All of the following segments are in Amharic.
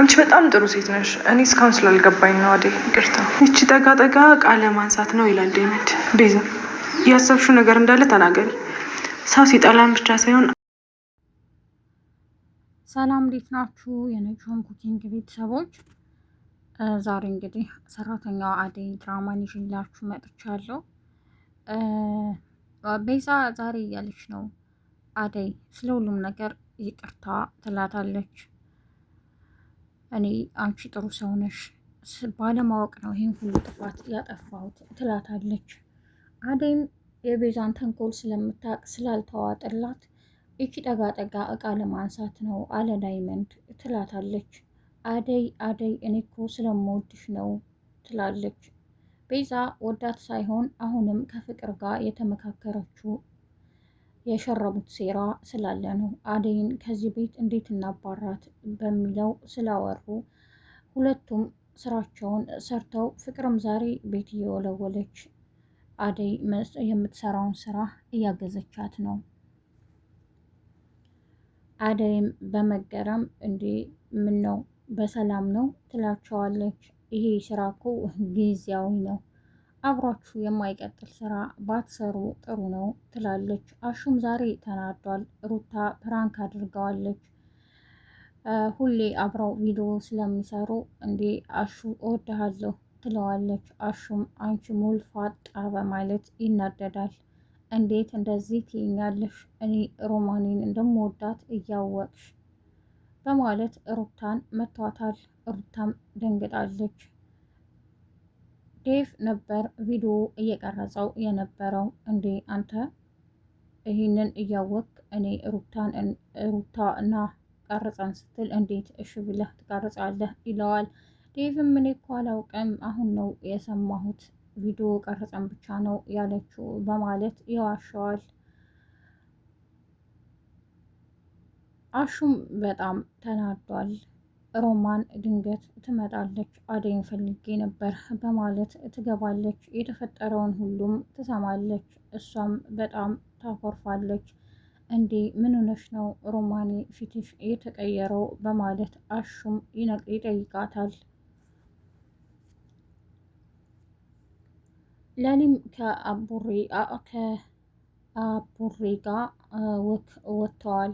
አንቺ በጣም ጥሩ ሴት ነሽ። እኔ እስካሁን ስላልገባኝ ነው አዴ፣ ይቅርታ። ይቺ ጠጋ ጠጋ ቃለ ማንሳት ነው ይላል ዴመድ። ቤዛ ያሰብሽው ነገር እንዳለ ተናገሪ። ሰው ሲጠላን ብቻ ሳይሆን ሰላም እንዴት ናችሁ? የነጆን ኩኪንግ ቤተሰቦች ዛሬ እንግዲህ ሰራተኛዋ አደይ ድራማን ይዤላችሁ መጥቻለሁ። ቤዛ ዛሬ እያለች ነው አደይ ስለ ሁሉም ነገር ይቅርታ ትላታለች። እኔ አንቺ ጥሩ ሰው ነሽ ባለማወቅ ነው ይህን ሁሉ ጥፋት ያጠፋሁት ትላታለች። አደይም የቤዛን ተንኮል ስለምታቅ ስላልተዋጠላት እቺ ጠጋ ጠጋ እቃ ለማንሳት ነው አለ ዳይመንድ ትላታለች። አደይ አደይ እኔ እኮ ስለምወድሽ ነው ትላለች። ቤዛ ወዳት ሳይሆን አሁንም ከፍቅር ጋር የተመካከረችው የሸረቡት ሴራ ስላለ ነው። አደይን ከዚህ ቤት እንዴት እናባራት በሚለው ስላወሩ ሁለቱም ስራቸውን ሰርተው ፍቅርም ዛሬ ቤት እየወለወለች አደይ የምትሰራውን ስራ እያገዘቻት ነው። አደይም በመገረም እንዴ ምን ነው በሰላም ነው ትላቸዋለች። ይሄ ስራ እኮ ጊዜያዊ ነው አብሯችሁ የማይቀጥል ስራ ባትሰሩ ጥሩ ነው ትላለች። አሹም ዛሬ ተናዷል። ሩታ ፕራንክ አድርገዋለች። ሁሌ አብረው ቪዲዮ ስለሚሰሩ እንዴ አሹ እወድሃለሁ ትለዋለች። አሹም አንቺ ፋጣ በማለት ይናደዳል። እንዴት እንደዚህ ትይኛለሽ? እኔ ሮማኔን እንደምወዳት እያወቅሽ በማለት ሩታን መቷታል። ሩታም ደንግጣለች። ዴቭ ነበር ቪዲዮ እየቀረጸው የነበረው። እንዴ አንተ ይህንን እያወቅክ እኔ ሩታ እና ቀርጸን ስትል እንዴት እሺ ብለህ ትቀርጻለህ? ይለዋል። ዴቭም እኔ እኮ አላውቅም አሁን ነው የሰማሁት፣ ቪዲዮ ቀርጸን ብቻ ነው ያለችው በማለት ይዋሸዋል። አሹም በጣም ተናዷል። ሮማን ድንገት ትመጣለች። አደይን ፈልጌ ነበር በማለት ትገባለች። የተፈጠረውን ሁሉም ትሰማለች። እሷም በጣም ታኮርፋለች። እንዴ ምን ሆነሽ ነው ሮማኔ ፊትሽ የተቀየረው? በማለት አሹም ይጠይቃታል። ለሊም ከአቡሬ ከአቡሬ ጋር ወክ ወጥተዋል።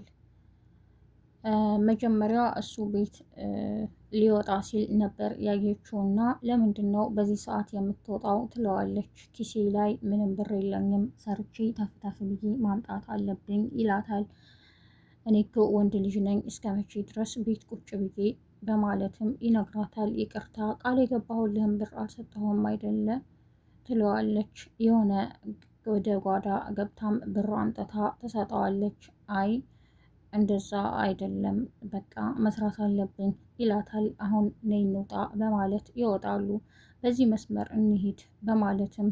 መጀመሪያ እሱ ቤት ሊወጣ ሲል ነበር ያየችው እና ለምንድን ነው በዚህ ሰዓት የምትወጣው ትለዋለች። ኪሴ ላይ ምንም ብር የለኝም ሰርቼ ተፍተፍ ብዬ ማምጣት አለብኝ ይላታል። እኔ እኮ ወንድ ልጅ ነኝ እስከ መቼ ድረስ ቤት ቁጭ ብዬ በማለትም ይነግራታል። ይቅርታ ቃል የገባሁልህን ብር አልሰጠሁም አይደለ ትለዋለች። የሆነ ወደ ጓዳ ገብታም ብር አምጥታ ትሰጠዋለች። አይ እንደዛ አይደለም በቃ መስራት አለብን ይላታል። አሁን ነይ እንውጣ በማለት ይወጣሉ። በዚህ መስመር እንሂድ በማለትም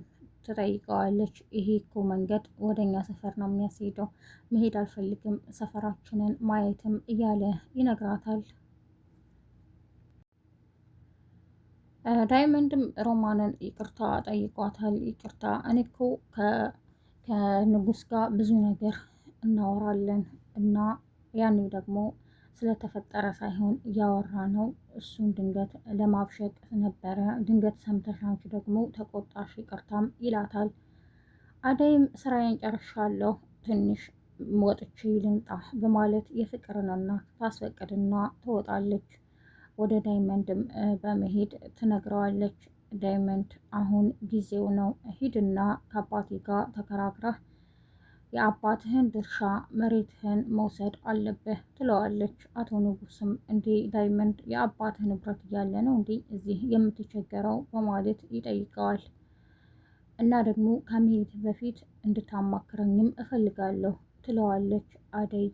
ትጠይቀዋለች። ይሄ እኮ መንገድ ወደኛ ሰፈር ነው የሚያስሄደው፣ መሄድ አልፈልግም ሰፈራችንን ማየትም እያለ ይነግራታል። ዳይመንድም ሮማንን ይቅርታ ጠይቋታል። ይቅርታ እኔ እኮ ከንጉስ ጋር ብዙ ነገር እናወራለን እና ያኔ ደግሞ ስለተፈጠረ ሳይሆን እያወራ ነው። እሱን ድንገት ለማብሸቅ ነበረ። ድንገት ሰምተሽ አንቺ ደግሞ ተቆጣሽ፣ ይቅርታም ይላታል። አደይም ስራዬን ጨርሻለሁ ትንሽ ወጥቼ ልምጣ በማለት የፍቅርንና ታስፈቅድና ትወጣለች። ወደ ዳይመንድም በመሄድ ትነግረዋለች። ዳይመንድ አሁን ጊዜው ነው፣ ሂድና ከአባቴ ጋር ተከራክረህ የአባትህን ድርሻ መሬትህን መውሰድ አለብህ ትለዋለች። አቶ ንጉስም እንዴ ዳይመንድ የአባትህ ንብረት እያለ ነው እንዴ እዚህ የምትቸገረው በማለት ይጠይቀዋል። እና ደግሞ ከመሄድ በፊት እንድታማክረኝም እፈልጋለሁ ትለዋለች አደይ።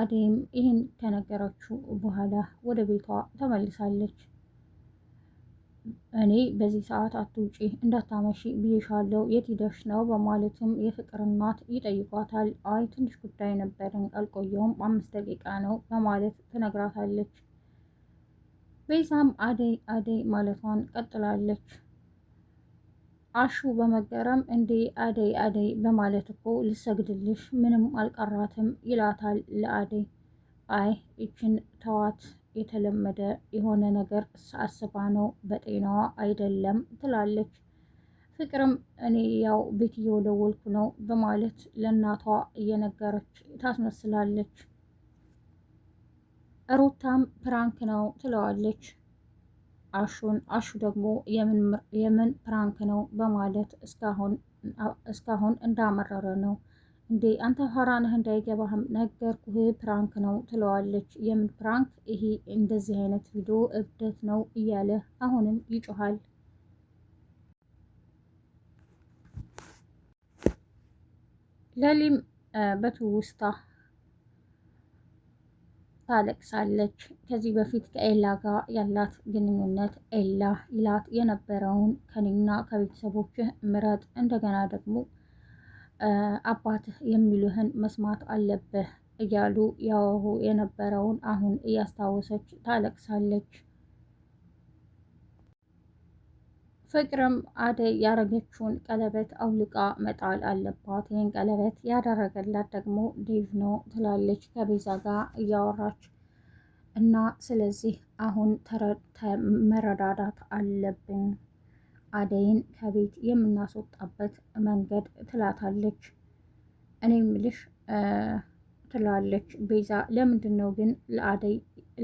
አደይም ይህን ከነገረችው በኋላ ወደ ቤቷ ተመልሳለች። እኔ በዚህ ሰዓት አትውጪ እንዳታመሺ ብዬሻለሁ የት ሂደሽ ነው በማለትም የፍቅር እናት ይጠይቋታል። አይ ትንሽ ጉዳይ ነበረኝ አልቆየውም፣ አምስት ደቂቃ ነው በማለት ትነግራታለች። ቤዛም አደይ አደይ ማለቷን ቀጥላለች። አሹ በመገረም እንዴ አደይ አደይ በማለት እኮ ልሰግድልሽ ምንም አልቀራትም ይላታል ለአደይ። አይ ይችን ተዋት የተለመደ የሆነ ነገር አስባ ነው፣ በጤናዋ አይደለም ትላለች። ፍቅርም እኔ ያው ቤት እየወለወልኩ ነው በማለት ለእናቷ እየነገረች ታስመስላለች። ሩታም ፕራንክ ነው ትለዋለች አሹን። አሹ ደግሞ የምን ፕራንክ ነው በማለት እስካሁን እንዳመረረ ነው እንዴ አንተ ሀራ ነህ እንዳይገባህም ነገርኩህ፣ ፕራንክ ነው ትለዋለች። የምን ፕራንክ ይሄ እንደዚህ አይነት ቪዲዮ እብደት ነው እያለ አሁንም ይጮሃል። ለሊም በትውስታ ታለቅሳለች። ከዚህ በፊት ከኤላ ጋር ያላት ግንኙነት ኤላ ይላት የነበረውን ከኔና ከቤተሰቦችህ ምረጥ እንደገና ደግሞ አባትህ የሚሉህን መስማት አለብህ እያሉ ያወሩ የነበረውን አሁን እያስታወሰች ታለቅሳለች። ፍቅርም አደይ ያረገችውን ቀለበት አውልቃ መጣል አለባት። ይህን ቀለበት ያደረገላት ደግሞ ዴቭ ነው ትላለች ከቤዛ ጋር እያወራች እና ስለዚህ አሁን መረዳዳት አለብን አደይን ከቤት የምናስወጣበት መንገድ ትላታለች። እኔ ምልሽ ትላለች ቤዛ። ለምንድን ነው ግን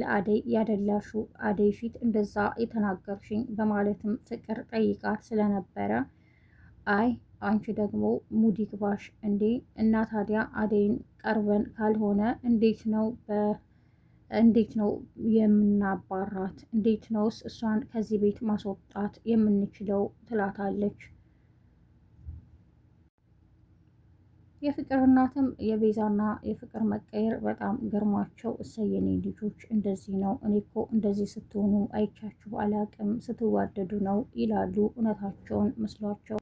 ለአደይ ያደላሹ አደይ ፊት እንደዛ የተናገርሽኝ? በማለትም ፍቅር ጠይቃት ስለነበረ አይ አንቺ ደግሞ ሙዲ ግባሽ እንዴ! እና ታዲያ አደይን ቀርበን ካልሆነ እንዴት ነው እንዴት ነው የምናባራት? እንዴት ነውስ እሷን ከዚህ ቤት ማስወጣት የምንችለው? ትላታለች። የፍቅር እናትም የቤዛና የፍቅር መቀየር በጣም ግርማቸው እሰየኔ ልጆች እንደዚህ ነው፣ እኔ እኮ እንደዚህ ስትሆኑ አይቻችሁ አላቅም፣ ስትዋደዱ ነው ይላሉ። እውነታቸውን መስሏቸው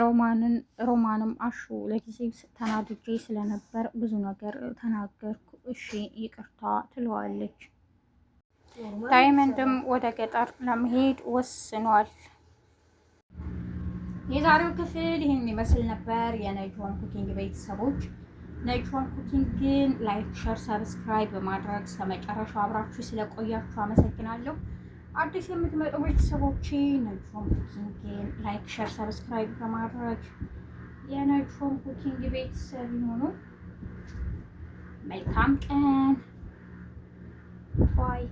ሮማንን ሮማንም አሹ ለጊዜ ተናድጄ ስለነበር ብዙ ነገር ተናገርኩ፣ እሺ ይቅርታ ትለዋለች። ዳይመንድም ወደ ገጠር ለመሄድ ወስኗል። የዛሬው ክፍል ይህን ይመስል ነበር። የነጅዋን ኩኪንግ ቤተሰቦች ነጅዋን ኩኪንግን ላይክ፣ ሸር፣ ሰብስክራይብ በማድረግ እስከ መጨረሻው አብራችሁ ስለቆያችሁ አመሰግናለሁ። አዲስ የምትመጡ ቤተሰቦቼ ነጆም ኩኪንግን ላይክ፣ ሸር፣ ሰብስክራይብ በማድረግ የነጆም ኩኪንግ ቤተሰብ ይሆኑ። መልካም ቀን ባይ